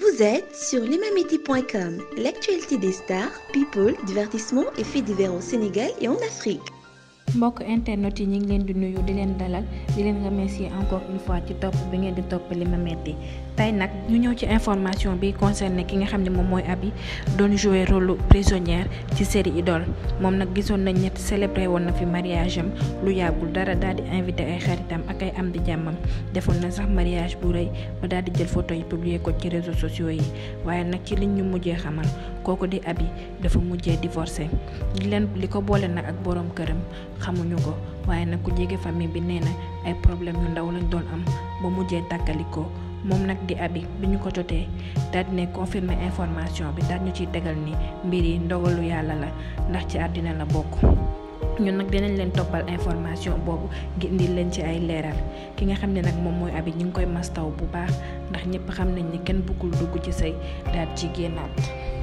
Vous êtes sur l'imamiti.com, l'actualité des stars, people, divertissement et faits divers au Sénégal et en Afrique mbokk internet yi ñu ngi leen di nuyu di leen dalal di leen remercier encore une fois ci topp bi ngeen di topp metti tey nag ñu ñëw ci information bi concerné ki nga xam ne moom mooy Aby doon jouer rôle prisonnière ci série Idole moom nag gisoon na ñett célébré woon na fi mariage am lu yàggul dara daal di invité ay xaritam ak ay am di jàmmam defoon na sax mariage bu rëy ba daal di jël photo yi publier ko ci réseaux sociaux yi waaye nag ci liñ ñu mujjee xamal kooku di abi dafa mujjee divorcé di leen li ko boole nag ak borom këram. xamuñu ko waaye nag ku jege famille bi nee na ay problème yu ndaw lañu doon am ba mujjee tàkkalikoo moom nag di abi bi ñu ko jotee daal ne confirmer information bi daal ñu ciy tegal ni mbir yi ndogalu yàlla la ndax ci àddina la bokk ñun nag dinañ leen toppal information boobu gi indi leen ci ay leeral ki nga xam ne nag moom mooy abi ñu ngi koy mastaw bu baax ndax ñëpp xam nañ ni kenn bukkul dugg ci sëy daal ci génnaat